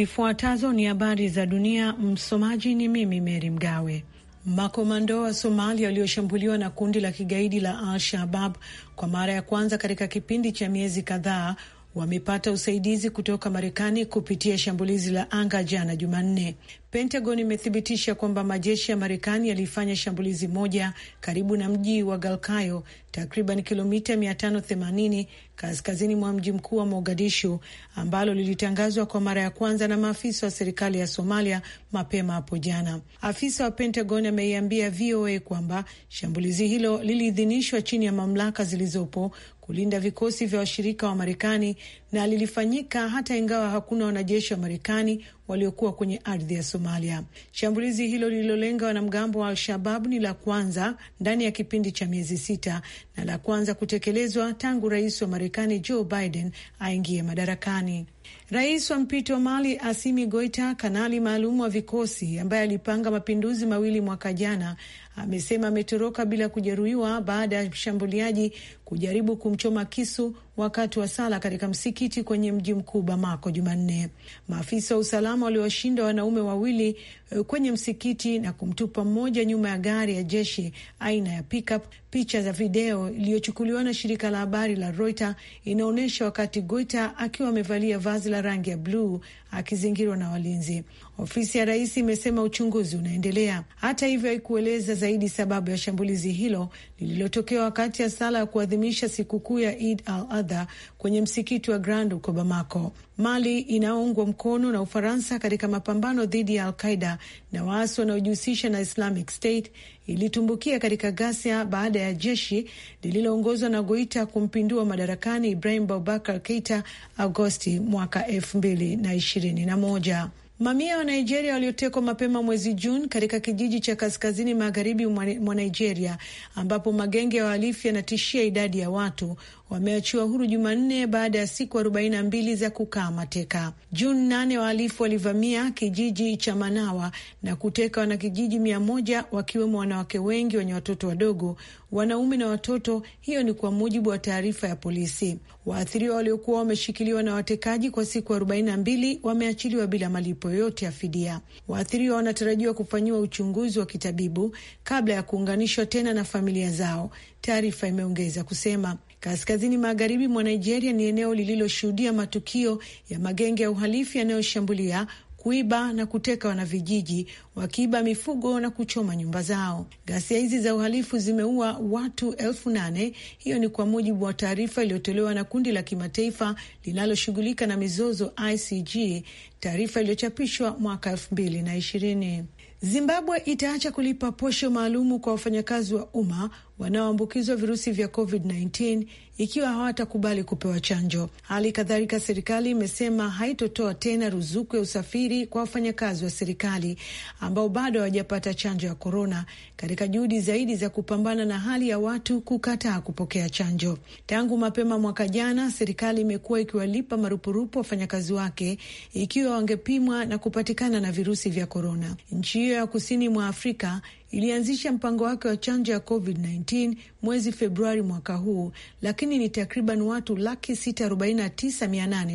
Zifuatazo ni habari za dunia. Msomaji ni mimi Meri Mgawe. Makomando wa Somalia walioshambuliwa na kundi la kigaidi la Al-Shabab kwa mara ya kwanza katika kipindi cha miezi kadhaa wamepata usaidizi kutoka Marekani kupitia shambulizi la anga jana Jumanne. Pentagon imethibitisha kwamba majeshi ya Marekani yalifanya shambulizi moja karibu na mji wa Galkayo, takriban kilomita 580 kaskazini mwa mji mkuu wa Mogadishu, ambalo lilitangazwa kwa mara ya kwanza na maafisa wa serikali ya Somalia mapema hapo jana. Afisa wa Pentagon ameiambia VOA kwamba shambulizi hilo liliidhinishwa chini ya mamlaka zilizopo kulinda vikosi vya washirika wa Marekani na lilifanyika hata ingawa hakuna wanajeshi wa Marekani waliokuwa kwenye ardhi ya Somalia. Shambulizi hilo lililolenga wanamgambo wa Al-Shabab ni la kwanza ndani ya kipindi cha miezi sita na la kwanza kutekelezwa tangu rais wa Marekani Joe Biden aingie madarakani. Rais wa mpito wa Mali Asimi Goita, kanali maalum wa vikosi ambaye alipanga mapinduzi mawili mwaka jana, amesema ametoroka bila kujeruhiwa baada ya mshambuliaji kujaribu kumchoma kisu wakati wa sala katika msikiti kwenye mji mkuu Bamako Jumanne. Maafisa wa usalama waliwashinda wanaume wawili eh, kwenye msikiti na kumtupa mmoja nyuma ya gari ya jeshi aina ya pickup. Picha za video iliyochukuliwa na shirika la habari la Reuters inaonyesha wakati Goita akiwa amevalia vazi la rangi ya bluu akizingirwa na walinzi. Ofisi ya rais imesema uchunguzi unaendelea. Hata hivyo, haikueleza zaidi sababu ya shambulizi hilo lililotokea wakati ya sala ya kuadhimisha sikukuu ya id al-Adha kwenye msikiti wa Grand huko Bamako. Mali inayoungwa mkono na Ufaransa katika mapambano dhidi ya alqaida na waasi wanaojihusisha na Islamic State ilitumbukia katika ghasia baada ya jeshi lililoongozwa na Goita kumpindua madarakani Ibrahim Boubacar Keita Agosti mwaka elfu mbili na ishirini na moja. Mamia wa Nigeria waliotekwa mapema mwezi Juni katika kijiji cha kaskazini magharibi mwa Nigeria ambapo magenge ya wahalifu yanatishia idadi ya watu wameachiwa huru Jumanne baada ya siku mbili za kukaa mateka. Juni nane, wahalifu walivamia kijiji cha Manawa na kuteka wanakijiji mia moja wakiwemo wanawake wengi wenye watoto wadogo, wanaume na watoto. Hiyo ni kwa mujibu wa taarifa ya polisi. Waathiriwa waliokuwa wameshikiliwa na watekaji kwa siku mbili wameachiliwa bila malipo yoyote ya fidia. Waathiriwa wanatarajiwa kufanyiwa uchunguzi wa kitabibu kabla ya kuunganishwa tena na familia zao, taarifa imeongeza kusema. Kaskazini magharibi mwa Nigeria ni eneo lililoshuhudia matukio ya magenge ya uhalifu yanayoshambulia kuiba na kuteka wanavijiji wakiiba mifugo na kuchoma nyumba zao. Ghasia hizi za uhalifu zimeua watu elfu nane. Hiyo ni kwa mujibu wa taarifa iliyotolewa na kundi la kimataifa linaloshughulika na mizozo ICG, taarifa iliyochapishwa mwaka elfu mbili na ishirini. Zimbabwe itaacha kulipa posho maalumu kwa wafanyakazi wa umma wanaoambukizwa virusi vya COVID-19 ikiwa hawatakubali kupewa chanjo. Hali kadhalika, serikali imesema haitotoa tena ruzuku ya usafiri kwa wafanyakazi wa serikali ambao bado hawajapata chanjo ya korona, katika juhudi zaidi za kupambana na hali ya watu kukataa kupokea chanjo. Tangu mapema mwaka jana, serikali imekuwa ikiwalipa marupurupu wafanyakazi wake ikiwa wangepimwa na kupatikana na virusi vya korona. Nchi hiyo ya kusini mwa Afrika ilianzisha mpango wake wa chanjo ya COVID-19 mwezi Februari mwaka huu, lakini ni takriban watu laki sita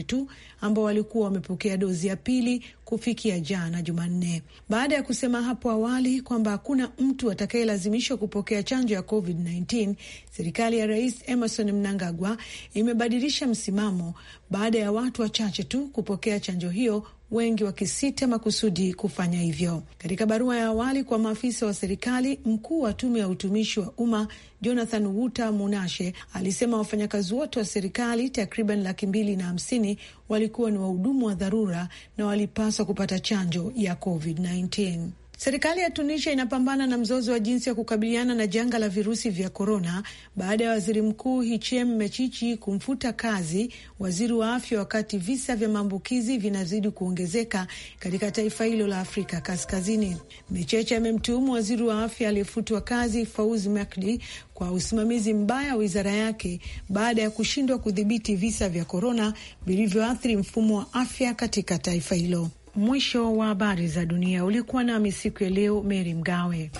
tu ambao walikuwa wamepokea dozi ya pili kufikia jana Jumanne, baada ya kusema hapo awali kwamba hakuna mtu atakayelazimishwa kupokea chanjo ya COVID-19. Serikali ya Rais Emerson Mnangagwa imebadilisha msimamo baada ya watu wachache tu kupokea chanjo hiyo wengi wakisita makusudi kufanya hivyo. Katika barua ya awali kwa maafisa wa serikali, mkuu wa tume ya utumishi wa umma Jonathan Wuta Munashe alisema wafanyakazi wote wa serikali takriban laki mbili na hamsini walikuwa ni wahudumu wa dharura na walipaswa kupata chanjo ya COVID-19. Serikali ya Tunisia inapambana na mzozo wa jinsi ya kukabiliana na janga la virusi vya korona baada ya waziri mkuu Hichem Mechichi kumfuta kazi waziri wa afya, wakati visa vya maambukizi vinazidi kuongezeka katika taifa hilo la Afrika Kaskazini. Mecheche amemtuhumu waziri wa afya aliyefutwa kazi Fauzi Mekdi kwa usimamizi mbaya wa wizara yake baada ya kushindwa kudhibiti visa vya korona vilivyoathiri mfumo wa afya katika taifa hilo mwisho wa habari za dunia. Ulikuwa nami siku ya leo, Meri Mgawe.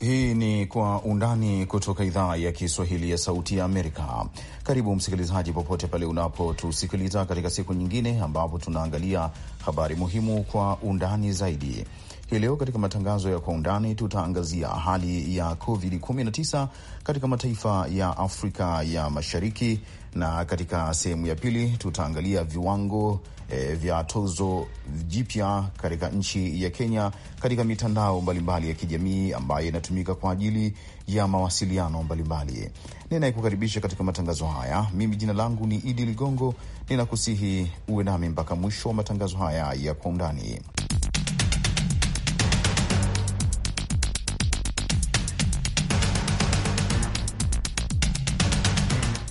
Hii ni Kwa Undani kutoka idhaa ya Kiswahili ya Sauti ya Amerika. Karibu msikilizaji, popote pale unapotusikiliza katika siku nyingine ambapo tunaangalia habari muhimu kwa undani zaidi. Hii leo katika matangazo ya kwa undani tutaangazia hali ya COVID-19 katika mataifa ya Afrika ya Mashariki, na katika sehemu ya pili tutaangalia viwango e, vya tozo jipya katika nchi ya Kenya katika mitandao mbalimbali ya kijamii ambayo inatumika kwa ajili ya mawasiliano mbalimbali. Ninayekukaribisha katika matangazo haya mimi, jina langu ni Idi Ligongo, ninakusihi uwe nami mpaka mwisho wa matangazo haya ya kwa undani.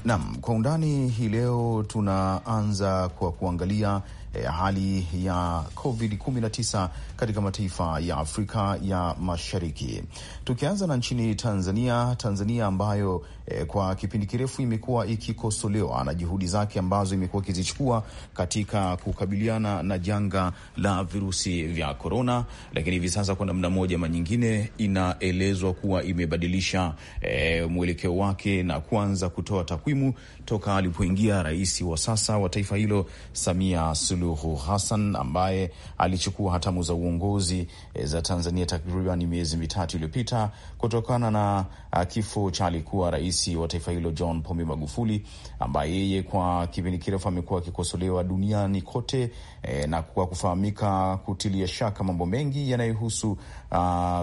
nam kwa undani hii leo tunaanza kwa kuangalia eh, hali ya COVID-19 katika mataifa ya Afrika ya Mashariki. Tukianza na nchini Tanzania, Tanzania ambayo eh, kwa kipindi kirefu imekuwa ikikosolewa na juhudi zake ambazo imekuwa ikizichukua katika kukabiliana na janga la virusi vya korona, lakini hivi sasa kwa namna moja ama nyingine inaelezwa kuwa imebadilisha eh, mwelekeo wake na kuanza kutoa takwimu toka alipoingia rais wa sasa wa taifa hilo Samia Suluhu Hassan ambaye alichukua hatamu za uongozi uongozi e, za Tanzania takriban miezi mitatu iliyopita kutokana na kifo cha alikuwa rais wa taifa hilo John Pombe Magufuli, ambaye yeye kwa kipindi kirefu amekuwa akikosolewa duniani kote e, na kwa kufahamika kutilia shaka mambo mengi yanayohusu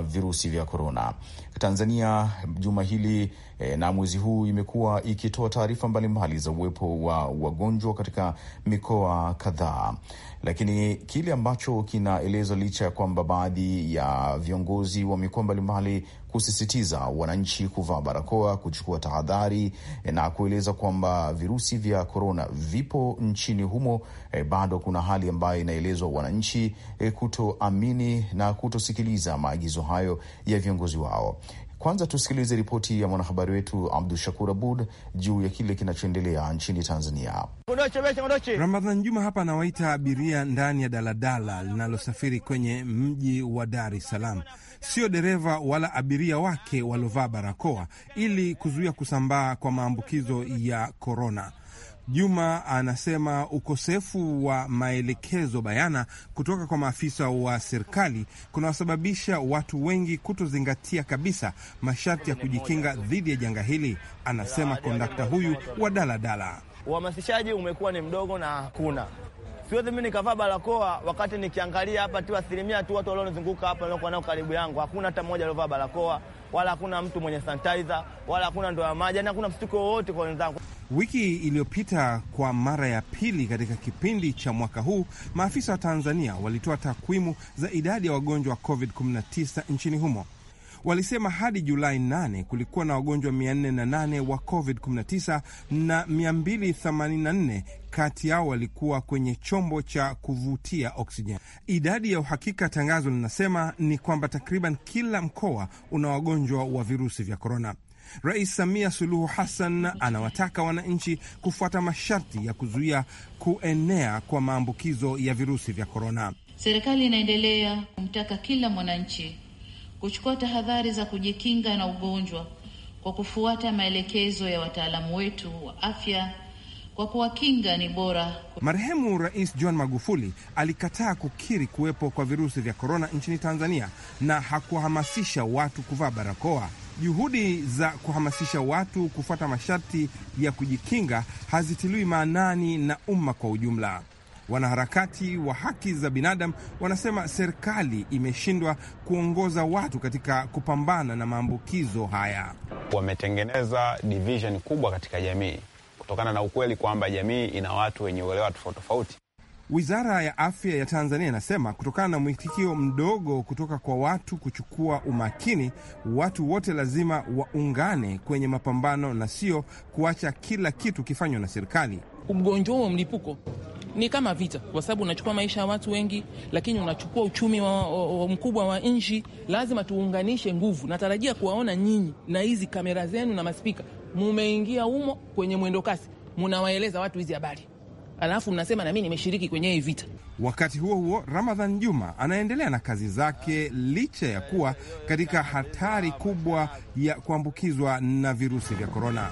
virusi vya korona. Tanzania juma hili e, na mwezi huu imekuwa ikitoa taarifa mbalimbali za uwepo wa wagonjwa katika mikoa kadhaa lakini kile ambacho kinaelezwa, licha ya kwamba baadhi ya viongozi wa mikoa mbalimbali kusisitiza wananchi kuvaa barakoa, kuchukua tahadhari eh, na kueleza kwamba virusi vya korona vipo nchini humo, e, bado kuna hali ambayo inaelezwa wananchi e, kutoamini na kutosikiliza maagizo hayo ya viongozi wao. Kwanza tusikilize ripoti ya mwanahabari wetu Abdu Shakur Abud juu ya kile kinachoendelea nchini Tanzania. Ramadhan Juma hapa anawaita abiria ndani ya daladala linalosafiri kwenye mji wa Dar es Salaam, sio dereva wala abiria wake waliovaa barakoa ili kuzuia kusambaa kwa maambukizo ya korona. Juma anasema ukosefu wa maelekezo bayana kutoka kwa maafisa wa serikali kunawasababisha watu wengi kutozingatia kabisa masharti ya kujikinga dhidi ya janga hili. Anasema kondakta huyu wa daladala, uhamasishaji umekuwa ni mdogo na hakuna Siwezi mimi nikavaa barakoa wakati nikiangalia hapa tu asilimia tu watu walionizunguka hapa niliokuwa nao karibu yangu, hakuna hata mmoja aliovaa barakoa wala hakuna mtu mwenye sanitizer, wala hakuna ndoa ya maji, yaani hakuna mshtuko wowote kwa wenzangu. Wiki iliyopita kwa mara ya pili katika kipindi cha mwaka huu, maafisa wa Tanzania walitoa takwimu za idadi ya wagonjwa wa COVID-19 nchini humo. Walisema hadi Julai 8 kulikuwa na wagonjwa 408 wa COVID-19 na 284 kati yao walikuwa kwenye chombo cha kuvutia oksijeni. Idadi ya uhakika, tangazo linasema ni kwamba takriban kila mkoa una wagonjwa wa virusi vya korona. Rais Samia Suluhu Hassan anawataka wananchi kufuata masharti ya kuzuia kuenea kwa maambukizo ya virusi vya korona. Serikali inaendelea kumtaka kila mwananchi kuchukua tahadhari za kujikinga na ugonjwa kwa kufuata maelekezo ya wataalamu wetu wa afya kwa kuwakinga ni bora. Marehemu Rais John Magufuli alikataa kukiri kuwepo kwa virusi vya korona nchini Tanzania na hakuhamasisha watu kuvaa barakoa. Juhudi za kuhamasisha watu kufuata masharti ya kujikinga hazitiliwi maanani na umma kwa ujumla. Wanaharakati wa haki za binadamu wanasema serikali imeshindwa kuongoza watu katika kupambana na maambukizo haya. Wametengeneza division kubwa katika jamii kutokana na ukweli kwamba jamii ina watu wenye uelewa tofauti tofauti. Wizara ya afya ya Tanzania inasema kutokana na mwitikio mdogo kutoka kwa watu kuchukua umakini, watu wote lazima waungane kwenye mapambano na sio kuacha kila kitu kifanywa na serikali ugonjwa huo mlipuko ni kama vita, kwa sababu unachukua maisha ya watu wengi, lakini unachukua uchumi wa, wa, wa mkubwa wa nchi. Lazima tuunganishe nguvu. Natarajia kuwaona nyinyi na hizi kamera zenu na maspika, mumeingia humo kwenye mwendo kasi, munawaeleza watu hizi habari, alafu mnasema nami nimeshiriki kwenye hii vita. Wakati huo huo, Ramadhan Juma anaendelea na kazi zake licha ya kuwa katika hatari kubwa ya kuambukizwa na virusi vya korona.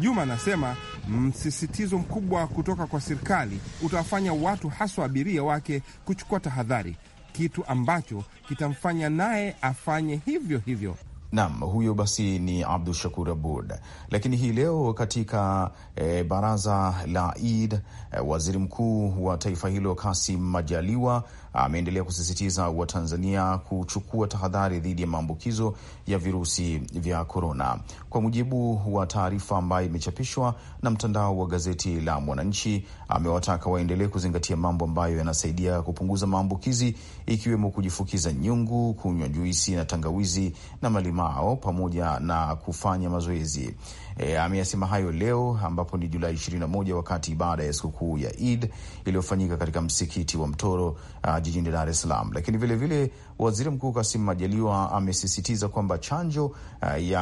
Juma anasema msisitizo mkubwa kutoka kwa serikali utawafanya watu haswa abiria wake kuchukua tahadhari, kitu ambacho kitamfanya naye afanye hivyo hivyo. Nam huyo basi ni Abdu Shakur Abud. Lakini hii leo katika e, baraza la Eid e, waziri mkuu wa taifa hilo Kasim Majaliwa ameendelea kusisitiza Watanzania kuchukua tahadhari dhidi ya maambukizo ya virusi vya korona. Kwa mujibu wa taarifa ambayo imechapishwa na mtandao wa gazeti la Mwananchi, amewataka waendelee kuzingatia mambo ambayo yanasaidia kupunguza maambukizi ikiwemo kujifukiza nyungu, kunywa juisi na tangawizi na malimao pamoja na kufanya mazoezi. E, ameyasema hayo leo ambapo ni Julai 21 wakati baada ya sikukuu ya Id iliyofanyika katika msikiti wa Mtoro uh, jijini Dar es Salaam. Lakini vilevile waziri mkuu kasim Majaliwa amesisitiza kwamba chanjo uh, ya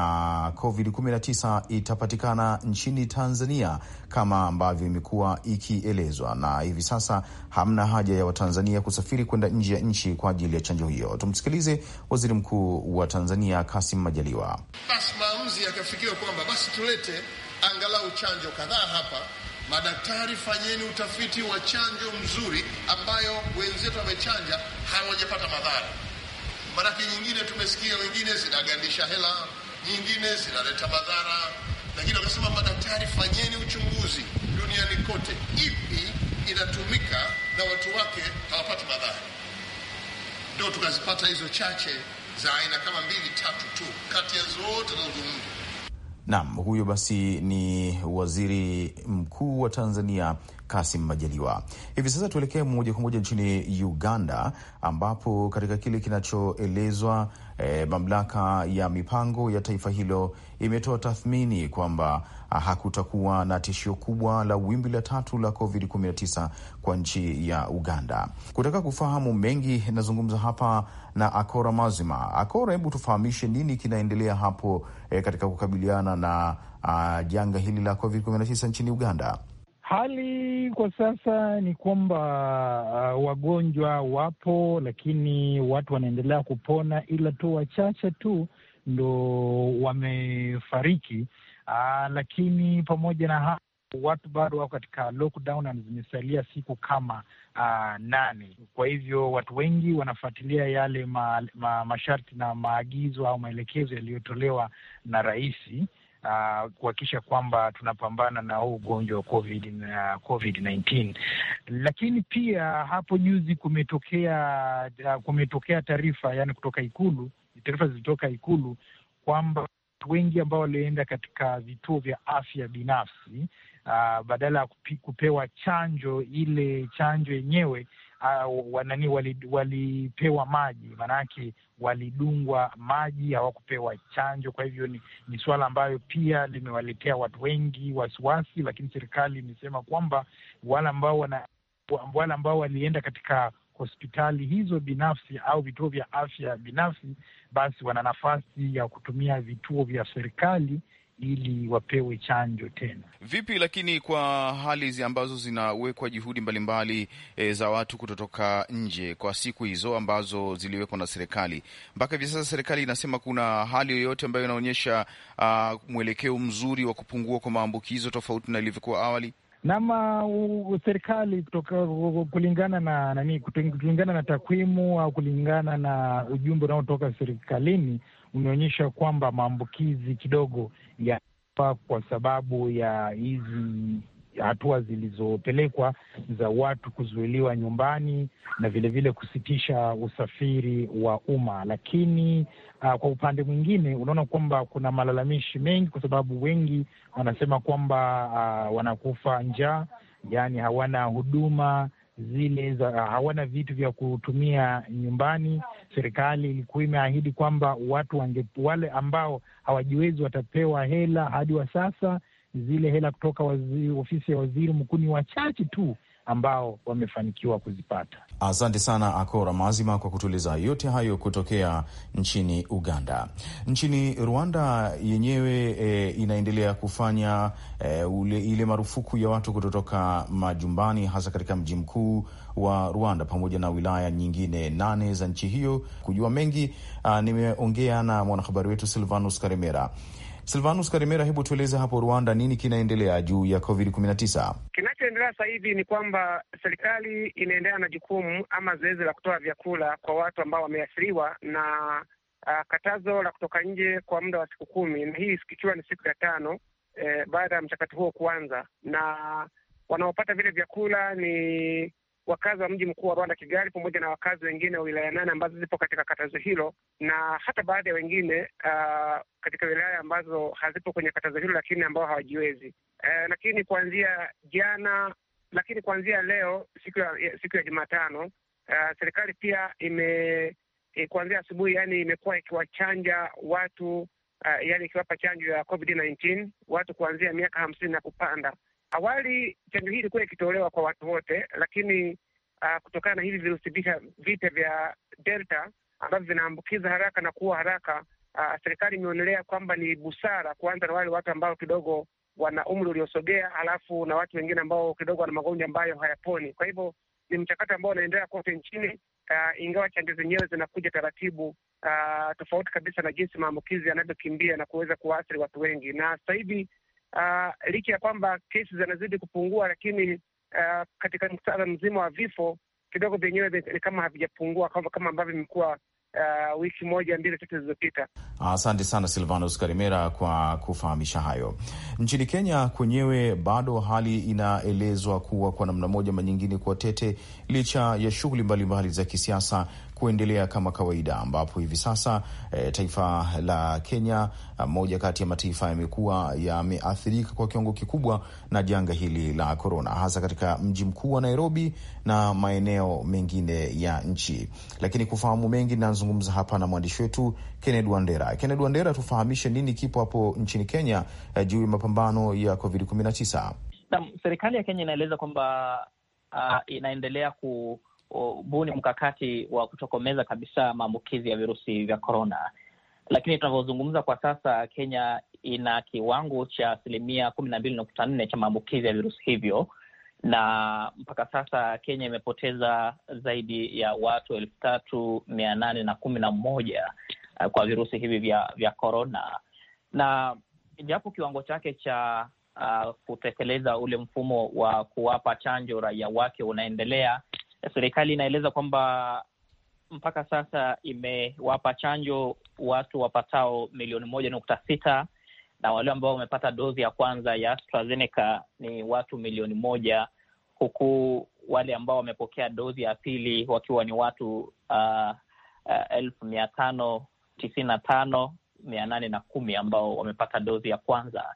COVID-19 itapatikana nchini Tanzania kama ambavyo imekuwa ikielezwa, na hivi sasa hamna haja ya Watanzania kusafiri kwenda nje ya nchi kwa ajili ya chanjo hiyo. Tumsikilize waziri mkuu wa Tanzania kasim Majaliwa. Basi maamuzi yakafikiwa kwamba basi tulete angalau chanjo kadhaa hapa. Madaktari, fanyeni utafiti wa chanjo mzuri ambayo wenzetu wamechanja hawajapata madhara. Maraki nyingine tumesikia wengine zinagandisha hela, nyingine zinaleta madhara, lakini wakasema madaktari, fanyeni uchunguzi duniani kote, ipi inatumika na watu wake hawapati madhara. Ndio tukazipata hizo chache za aina kama mbili tatu tu kati ya zote zinazozungumzwa. Naam, huyo basi ni waziri mkuu wa Tanzania Kasim Majaliwa. Hivi sasa tuelekee moja kwa moja nchini Uganda, ambapo katika kile kinachoelezwa e, mamlaka ya mipango ya taifa hilo imetoa tathmini kwamba ah, hakutakuwa na tishio kubwa la wimbi la tatu la COVID-19 kwa nchi ya Uganda. Kutaka kufahamu mengi, nazungumza hapa na Akora Mazima. Akora, hebu tufahamishe nini kinaendelea hapo e, katika kukabiliana na a, ah, janga hili la COVID-19 nchini Uganda? Hali kwa sasa ni kwamba uh, wagonjwa wapo, lakini watu wanaendelea kupona, ila tu wachache tu ndo wamefariki. Uh, lakini pamoja na hao watu bado wako katika lockdown na zimesalia siku kama uh, nane. Kwa hivyo watu wengi wanafuatilia yale ma, ma, masharti na maagizo au maelekezo yaliyotolewa na raisi uh, kuhakikisha kwamba tunapambana na huu ugonjwa wa COVID, na uh, COVID 19. Lakini pia hapo juzi kumetokea uh, kumetokea taarifa yani kutoka Ikulu, taarifa zilitoka Ikulu kwamba wengi ambao walioenda katika vituo vya afya binafsi uh, badala ya kupewa chanjo ile chanjo yenyewe Ah, wanani walipewa wali maji, maanake walidungwa maji, hawakupewa chanjo. Kwa hivyo ni, ni suala ambayo pia limewaletea watu wengi wasiwasi, lakini serikali imesema kwamba wale ambao wana wale ambao walienda katika hospitali hizo binafsi au vituo vya afya binafsi, basi wana nafasi ya kutumia vituo vya serikali ili wapewe chanjo tena. Vipi lakini kwa hali ambazo zinawekwa juhudi mbalimbali e, za watu kutotoka nje kwa siku hizo ambazo ziliwekwa na serikali, mpaka hivi sasa serikali inasema kuna hali yoyote ambayo inaonyesha mwelekeo mzuri wa kupungua kwa maambukizo tofauti na ilivyokuwa awali? nama serikali kutoka kulingana na nani, kulingana na takwimu au kulingana na ujumbe unaotoka serikalini umeonyesha kwamba maambukizi kidogo ya kwa sababu ya hizi hatua zilizopelekwa za watu kuzuiliwa nyumbani na vilevile vile kusitisha usafiri wa umma. Lakini uh, kwa upande mwingine unaona kwamba kuna malalamishi mengi, kwa sababu wengi wanasema kwamba uh, wanakufa njaa, yaani hawana huduma zile za hawana vitu vya kutumia nyumbani. Serikali ilikuwa imeahidi kwamba watu wange, wale ambao hawajiwezi watapewa hela. Hadi wa sasa zile hela kutoka waziri, ofisi ya waziri mkuu ni wachache tu ambao wamefanikiwa kuzipata. Asante sana Akora Mazima kwa kutueleza yote hayo kutokea nchini Uganda. Nchini Rwanda yenyewe e, inaendelea kufanya e, ule, ile marufuku ya watu kutotoka majumbani hasa katika mji mkuu wa Rwanda pamoja na wilaya nyingine nane za nchi hiyo. Kujua mengi, ah, nimeongea na mwanahabari wetu Silvanus Karemera. Silvanus Karimera, hebu tueleze hapo Rwanda nini kinaendelea juu ya covid 19 Kinachoendelea sasa hivi ni kwamba serikali inaendelea na jukumu ama zoezi la kutoa vyakula kwa watu ambao wameathiriwa na uh, katazo la kutoka nje kwa muda wa siku kumi, na hii ikiwa ni siku ya tano eh, baada ya mchakato huo kuanza, na wanaopata vile vyakula ni wakazi wa mji mkuu wa Rwanda, Kigali, pamoja na wakazi wengine wa wilaya nane ambazo zipo katika katazo hilo na hata baadhi ya wengine uh, katika wilaya ambazo hazipo kwenye katazo hilo lakini ambao hawajiwezi. Uh, lakini kuanzia jana, lakini kuanzia leo siku ya, siku ya Jumatano uh, serikali pia ime eh, kuanzia asubuhi yani imekuwa ikiwachanja watu uh, yani ikiwapa chanjo ya COVID-19 watu kuanzia miaka hamsini na kupanda Awali chanjo hii ilikuwa ikitolewa kwa watu wote, lakini uh, kutokana na hivi virusi vipya vya Delta ambavyo vinaambukiza haraka na kuwa haraka, uh, serikali imeonelea kwamba ni busara kuanza na wale watu ambao kidogo wana umri uliosogea, halafu na watu wengine ambao kidogo wana magonjwa ambayo hayaponi. Kwa hivyo ni mchakato ambao unaendelea kote nchini, uh, ingawa chanjo zenyewe zinakuja taratibu, uh, tofauti kabisa na jinsi maambukizi yanavyokimbia na kuweza kuwaathiri watu wengi. Na sasa hivi uh, licha ya kwamba kesi zinazidi kupungua, lakini uh, katika mtaa mzima wa vifo kidogo vyenyewe ni kama havijapungua kama ambavyo imekuwa Uh, wiki moja mbili tatu zilizopita. Asante sana Silvanus Karimera kwa kufahamisha hayo. Nchini Kenya kwenyewe bado hali inaelezwa kuwa kwa namna moja manyingine kuwa tete, licha ya shughuli mbalimbali za kisiasa kuendelea kama kawaida, ambapo hivi sasa e, taifa la Kenya, moja kati ya mataifa yamekuwa yameathirika kwa kiwango kikubwa na janga hili la korona, hasa katika mji mkuu wa Nairobi na maeneo mengine ya nchi. Lakini kufahamu mengi, nazungumza hapa na mwandishi wetu Kenneth Wandera. Kenneth Wandera, tufahamishe nini kipo hapo nchini Kenya e, juu ya mapambano ya Covid 19? Naam, serikali ya Kenya inaeleza kwamba uh, inaendelea ku ni mkakati wa kutokomeza kabisa maambukizi ya virusi vya korona. Lakini tunavyozungumza kwa sasa, Kenya ina kiwango cha asilimia kumi na mbili nukta nne cha maambukizi ya virusi hivyo, na mpaka sasa Kenya imepoteza zaidi ya watu elfu tatu mia nane na kumi na moja eh, kwa virusi hivi vya vya korona, na japo kiwango chake cha uh, kutekeleza ule mfumo wa kuwapa chanjo raia wake unaendelea serikali inaeleza kwamba mpaka sasa imewapa chanjo watu wapatao milioni moja nukta sita na wale ambao wamepata dozi ya kwanza ya AstraZeneca ni watu milioni moja huku wale ambao wamepokea dozi ya pili wakiwa ni watu uh, uh, elfu mia tano tisini na tano mia nane na kumi ambao wamepata dozi ya kwanza.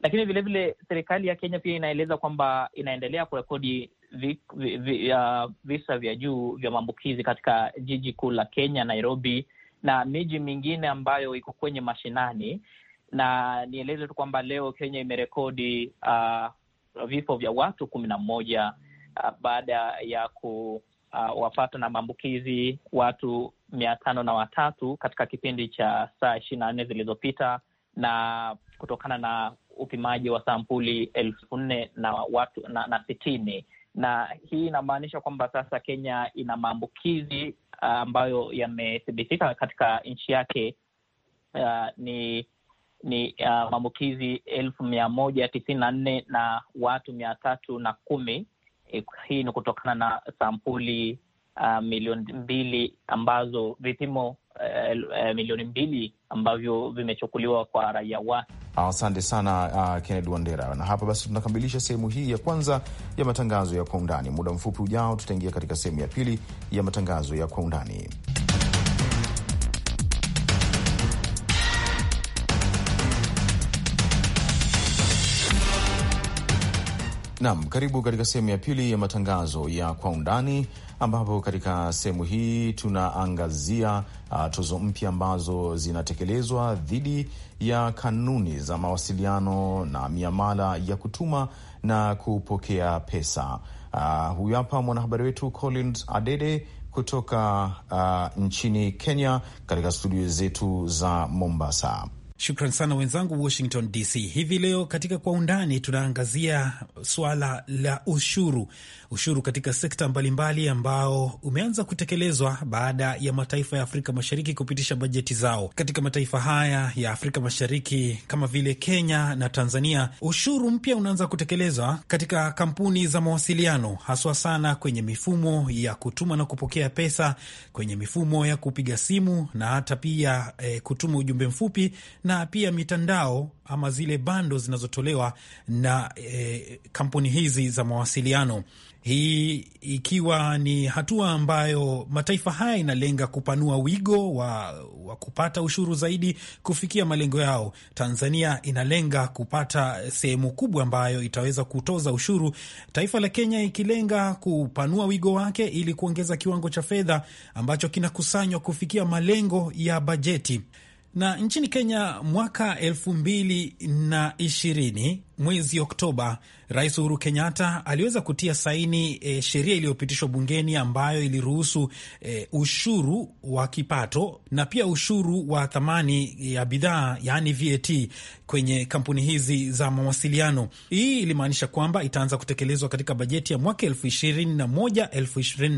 Lakini vilevile serikali ya Kenya pia inaeleza kwamba inaendelea kurekodi vi, vi, vi, uh, visa vya juu vya maambukizi katika jiji kuu la Kenya, Nairobi, na miji mingine ambayo iko kwenye mashinani. Na nieleze tu kwamba leo Kenya imerekodi uh, vifo vya watu kumi na moja uh, baada ya kuwapata uh, na maambukizi watu mia tano na watatu katika kipindi cha saa ishirini na nne zilizopita na kutokana na upimaji wa sampuli elfu nne na watu na, na sitini na hii inamaanisha kwamba sasa Kenya ina maambukizi ah, ambayo yamethibitika katika nchi yake uh, ni ni uh, maambukizi elfu mia moja tisini na nne na watu mia tatu na kumi. Eh, hii ni kutokana na sampuli uh, milioni mbili ambazo vipimo uh, milioni mbili ambavyo vimechukuliwa kwa raia wake. Asante sana uh, Kennedy Wandera. Na hapa basi tunakamilisha sehemu hii ya kwanza ya matangazo ya kwa undani. Muda mfupi ujao, tutaingia katika sehemu ya pili ya matangazo ya kwa undani. Naam, karibu katika sehemu ya pili ya matangazo ya kwa undani, ambapo katika sehemu hii tunaangazia uh, tozo mpya ambazo zinatekelezwa dhidi ya kanuni za mawasiliano na miamala ya kutuma na kupokea pesa. Uh, huyu hapa mwanahabari wetu Collins Adede kutoka uh, nchini Kenya katika studio zetu za Mombasa. Shukran sana wenzangu Washington DC. Hivi leo katika Kwa Undani tunaangazia swala la ushuru ushuru katika sekta mbalimbali ambao umeanza kutekelezwa baada ya mataifa ya Afrika Mashariki kupitisha bajeti zao. Katika mataifa haya ya Afrika Mashariki kama vile Kenya na Tanzania, ushuru mpya unaanza kutekelezwa katika kampuni za mawasiliano, haswa sana kwenye mifumo ya kutuma na kupokea pesa, kwenye mifumo ya kupiga simu na hata pia e, kutuma ujumbe mfupi na pia mitandao ama zile bando zinazotolewa na e, kampuni hizi za mawasiliano hii ikiwa ni hatua ambayo mataifa haya inalenga kupanua wigo wa, wa kupata ushuru zaidi kufikia malengo yao. Tanzania inalenga kupata sehemu kubwa ambayo itaweza kutoza ushuru, taifa la Kenya ikilenga kupanua wigo wake ili kuongeza kiwango cha fedha ambacho kinakusanywa kufikia malengo ya bajeti na nchini Kenya mwaka elfu mbili na ishirini mwezi Oktoba, Rais Uhuru Kenyatta aliweza kutia saini e, sheria iliyopitishwa bungeni ambayo iliruhusu e, ushuru wa kipato na pia ushuru wa thamani ya bidhaa yaani VAT kwenye kampuni hizi za mawasiliano. Hii ilimaanisha kwamba itaanza kutekelezwa katika bajeti ya mwaka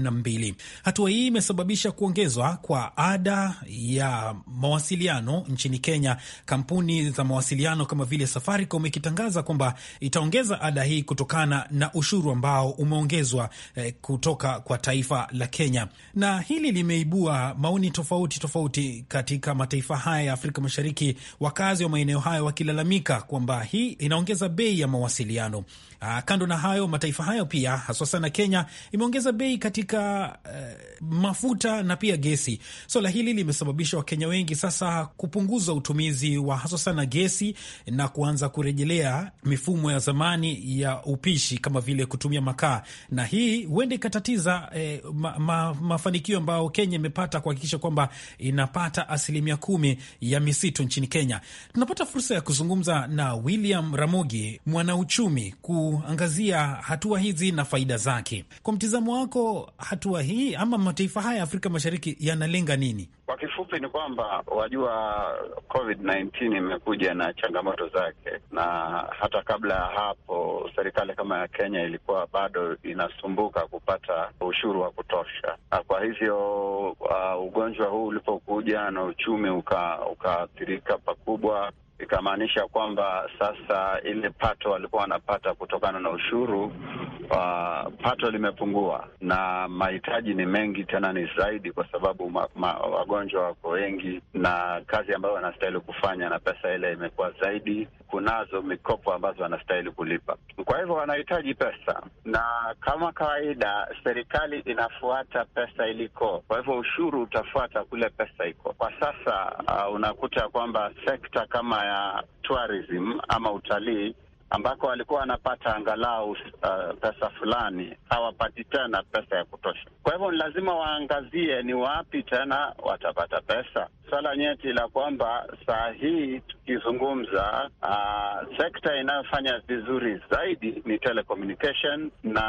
na mbili. Hatua hii imesababisha kuongezwa kwa ada ya mawasiliano nchini Kenya, kampuni za mawasiliano kama vile Safaricom ikitangaza kwamba itaongeza ada hii kutokana na ushuru ambao umeongezwa eh, kutoka kwa taifa la Kenya, na hili limeibua maoni tofauti tofauti katika mataifa haya ya Afrika Mashariki, wakazi wa maeneo hayo wakilalamika kwamba hii inaongeza bei ya mawasiliano. Ah, kando na hayo mataifa hayo pia haswa sana Kenya imeongeza bei katika eh, mafuta na pia gesi. Swala so, hili limesababisha Wakenya wengi sasa kupunguza utumizi wa haswa sana gesi na kuanza kurejelea mifumo ya zamani ya upishi kama vile kutumia makaa, na hii huenda ikatatiza eh, ma, ma, mafanikio ambayo Kenya imepata kuhakikisha kwamba inapata asilimia kumi ya misitu nchini Kenya. Tunapata fursa ya kuzungumza na William Ramogi, mwanauchumi, kuangazia hatua hizi na faida zake. Kwa mtizamo wako, hatua hii ama mataifa haya ya Afrika Mashariki yanalenga nini? Kwa kifupi ni kwamba wajua, COVID-19 imekuja na changamoto zake na hata kabla ya hapo, serikali kama ya Kenya ilikuwa bado inasumbuka kupata ushuru wa kutosha. Ah, kwa hivyo uh, ugonjwa huu ulipokuja na uchumi ukaathirika uka pakubwa, ikamaanisha kwamba sasa ile pato walikuwa wanapata kutokana na ushuru uh, pato limepungua na mahitaji ni mengi, tena ni zaidi, kwa sababu ma, ma, wagonjwa wako wengi na kazi ambayo wanastahili kufanya na pesa ile imekuwa zaidi. Kunazo mikopo ambazo wanastahili kulipa, kwa hivyo wanahitaji pesa, na kama kawaida serikali inafuata pesa iliko, kwa hivyo ushuru utafuata kule pesa iko. Kwa sasa uh, unakuta kwamba sekta kama ya tourism ama utalii ambako walikuwa wanapata angalau uh, pesa fulani, hawapati tena pesa ya kutosha. Kwa hivyo ni lazima waangazie ni wapi tena watapata pesa. Swala nyeti la kwamba saa hii tukizungumza, uh, sekta inayofanya vizuri zaidi ni telecommunication na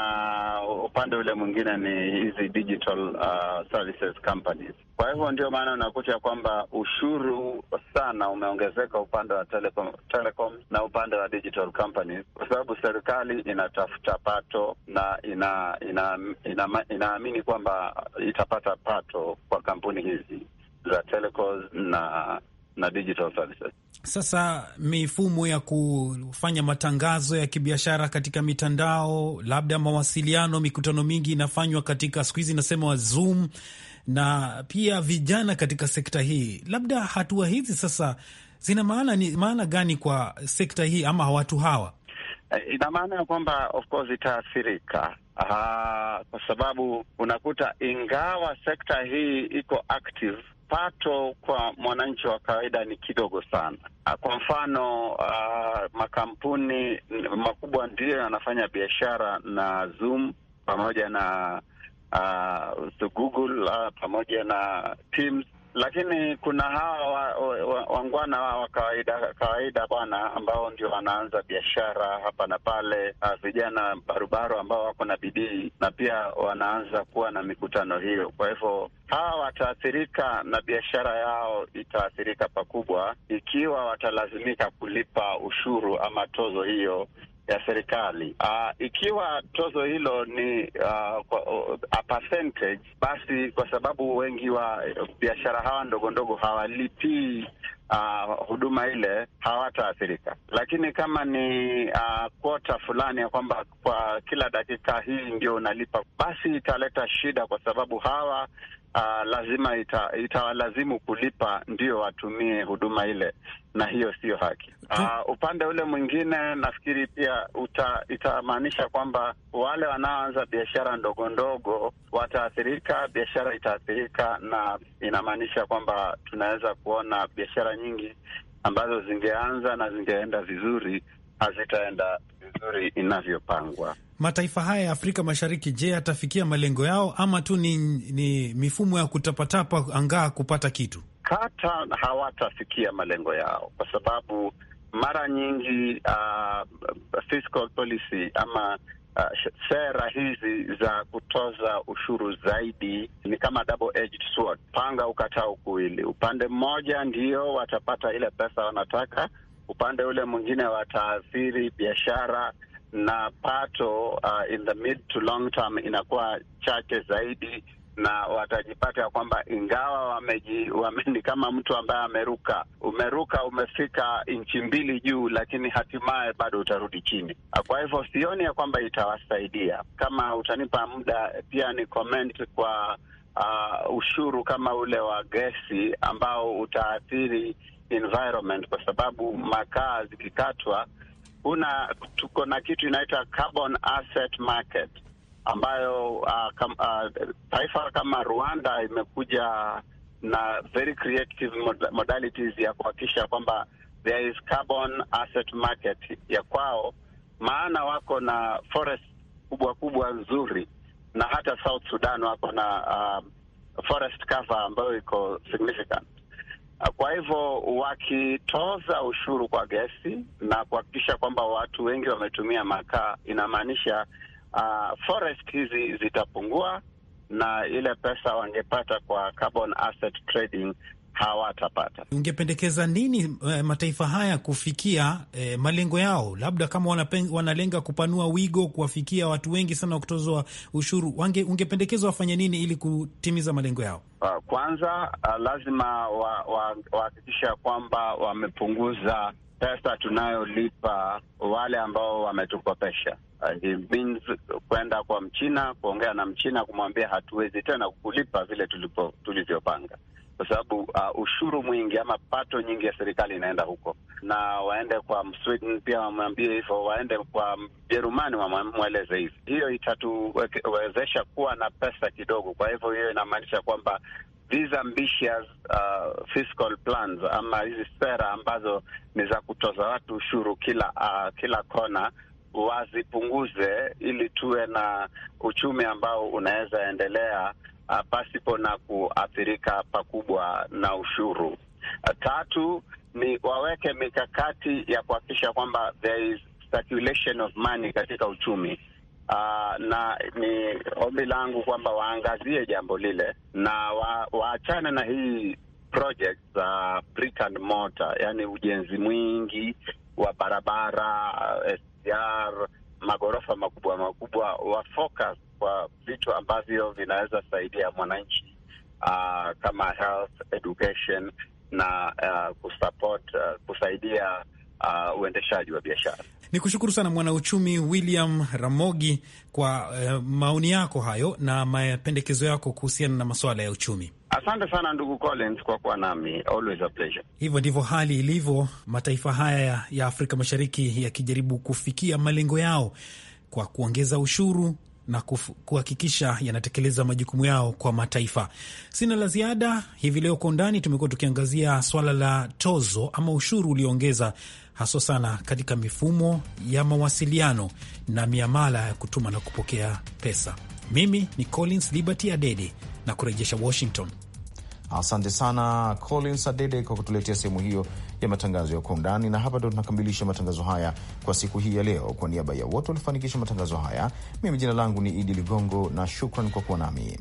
upande ule mwingine ni hizi digital uh, services companies. Kwa hivyo ndio maana unakuta kwamba ushuru sana umeongezeka upande wa telecom, telecom na upande wa digital companies kwa sababu serikali inatafuta pato na ina inaamini ina, ina, ina kwamba itapata pato kwa kampuni hizi za na na digital services. Sasa mifumo ya kufanya matangazo ya kibiashara katika mitandao, labda mawasiliano, mikutano mingi inafanywa katika siku hizi inasema Zoom na pia vijana katika sekta hii, labda hatua hizi sasa zina maana ni maana gani kwa sekta hii ama watu hawa? Eh, ina maana ya kwamba of course itaathirika ah, kwa sababu unakuta ingawa sekta hii iko active pato kwa mwananchi wa kawaida ni kidogo sana. Ah, kwa mfano uh, makampuni makubwa ndiyo yanafanya biashara na Zoom pamoja na uh, Google uh, pamoja na Teams lakini kuna hawa wangwana wa, wa kawaida kawaida bwana, ambao ndio wanaanza biashara hapa na pale, ah, vijana barubaru ambao wako na bidii na pia wanaanza kuwa na mikutano hiyo. Kwa hivyo hawa wataathirika na biashara yao itaathirika pakubwa, ikiwa watalazimika kulipa ushuru ama tozo hiyo ya serikali. Uh, ikiwa tozo hilo ni uh, kwa, uh, a percentage, basi kwa sababu wengi wa eh, biashara hawa ndogo ndogo hawalipii uh, huduma ile hawataathirika, lakini kama ni uh, uh, fulani ya kwamba kwa kila dakika hii ndio unalipa, basi italeta shida kwa sababu hawa uh, lazima ita, itawalazimu kulipa ndio watumie huduma ile, na hiyo sio haki. Uh, upande ule mwingine nafikiri pia uta, itamaanisha kwamba wale wanaoanza biashara ndogo ndogo wataathirika, biashara itaathirika, na inamaanisha kwamba tunaweza kuona biashara nyingi ambazo zingeanza na zingeenda vizuri hazitaenda vizuri inavyopangwa. Mataifa haya ya Afrika Mashariki, je, yatafikia malengo yao ama tu ni, ni mifumo ya kutapatapa angaa kupata kitu? Kata hawatafikia malengo yao kwa sababu mara nyingi uh, fiscal policy ama uh, sera hizi za kutoza ushuru zaidi ni kama double edged sword, panga ukatao ukuili. Upande mmoja ndio watapata ile pesa wanataka upande ule mwingine wataathiri biashara na pato uh, in the mid to long term inakuwa chache zaidi, na watajipata ya kwamba ingawa wameji, wame, ni kama mtu ambaye ameruka, umeruka umefika nchi mbili juu, lakini hatimaye bado utarudi chini. Ah, kwa hivyo sioni ya kwamba itawasaidia. Kama utanipa muda, pia ni comment kwa uh, ushuru kama ule wa gesi ambao utaathiri environment, kwa sababu makaa zikikatwa, una tuko na kitu inaitwa carbon asset market ambayo uh, kam, uh, taifa kama Rwanda imekuja na very creative modalities ya kuhakikisha kwamba there is carbon asset market ya kwao, maana wako na forest kubwa kubwa nzuri, na hata South Sudan wako na uh, forest cover ambayo iko significant. Kwa hivyo wakitoza ushuru kwa gesi na kuhakikisha kwamba watu wengi wametumia makaa, inamaanisha uh, forest hizi zitapungua na ile pesa wangepata kwa carbon asset trading hawatapata. Ungependekeza nini eh, mataifa haya kufikia eh, malengo yao? Labda kama wanapen, wanalenga kupanua wigo kuwafikia watu wengi sana wa kutozwa ushuru, ungependekeza wafanye nini ili kutimiza malengo yao? Uh, kwanza uh, lazima wahakikisha wa, wa kwamba wamepunguza pesa tunayolipa wale ambao wametukopesha. Uh, it means kwenda kwa Mchina kuongea na Mchina kumwambia hatuwezi tena kulipa vile tulivyopanga kwa sababu uh, ushuru mwingi ama pato nyingi ya serikali inaenda huko, na waende kwa Sweden pia wamwambie hivyo, waende kwa Mjerumani wamweleze hivi. Hiyo itatuwezesha kuwa na pesa kidogo. Kwa hivyo hiyo inamaanisha kwamba these ambitious uh, fiscal plans ama hizi sera ambazo ni za kutoza watu ushuru kila uh, kila kona wazipunguze, ili tuwe na uchumi ambao unaweza endelea uh, pasipo na kuathirika pakubwa na ushuru. Uh, tatu ni waweke mikakati ya kuhakikisha kwamba there is circulation of money katika uchumi. Uh, na ni ombi langu kwamba waangazie jambo lile na waachane wa na hii project za uh, brick and mortar, yani ujenzi mwingi wa barabara uh, SGR maghorofa makubwa makubwa, wa focus kwa vitu ambavyo vinaweza saidia mwananchi uh, kama health, education na uh, kusupport uh, kusaidia Uh, uendeshaji wa biashara. Ni kushukuru sana mwanauchumi William Ramogi kwa uh, maoni yako hayo na mapendekezo yako kuhusiana na masuala ya uchumi. Asante sana ndugu Collins kwa kuwa nami, always a pleasure. Hivyo ndivyo hali ilivyo, mataifa haya ya Afrika Mashariki yakijaribu kufikia malengo yao kwa kuongeza ushuru na kuhakikisha yanatekeleza majukumu yao kwa mataifa. Sina la ziada hivi leo. Kwa undani, tumekuwa tukiangazia swala la tozo ama ushuru ulioongeza haswa sana katika mifumo ya mawasiliano na miamala ya kutuma na kupokea pesa. Mimi ni Collins Liberty Adede na kurejesha Washington. Asante sana Collins Adede kwa kutuletea sehemu hiyo ya matangazo ya kwa undani, na hapa ndo tunakamilisha matangazo haya kwa siku hii ya leo. Kwa niaba ya wote walifanikisha matangazo haya, mimi jina langu ni Idi Ligongo na shukran kwa kuwa nami.